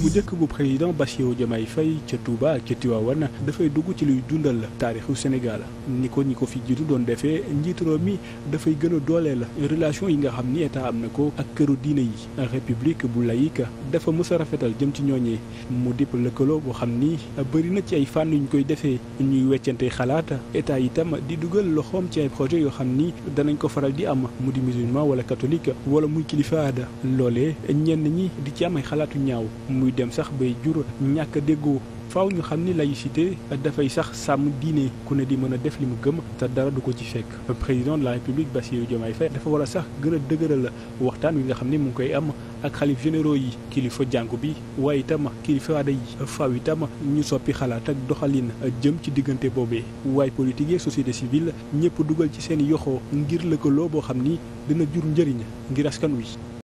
mu njëkk bu président Bassirou Diomaye Faye ca Touba ak ca Tivaouane dafay dugg ci luy dundal taarixu Sénégal ni ko ñi ko fi jiitu doon defee njiitu mi dafay gën a la relation yi nga xam ni état am na ko ak këru diine yi république bu laïque dafa mës a rafetal jëm ci ñooñee mu dipp lëkkaloo boo xam ni bëri na ci ay fànn ñu koy defee ñuy weccante xalaat état tam di dugal loxoom ci ay projet yoo xam ni danañ ko faral di am mu di musulman wala catholique wala muy kilifa loolee ñenn ñi di ci am xalaatu ñaaw muy dem sax bay jur ñàkk a déggoo faw ñu xam ni laïcité dafay sax sàmm diine ku ne di mën a def li mu gëm te dara du ko ci fekk président de la république Bassirou Diomaye Faye dafa war a sax gën a la waxtaan wi nga xam ni mu ngi koy am ak xalif généraux yi kilifa jàngu bi waaye itam kilifa aada yi faaw itam ñu soppi xalaat ak doxalin jëm ci diggante boobee waaye politique yi société civile ñëpp dugal ci seen yoxoo ngir lëkkaloo boo xam ni dina jur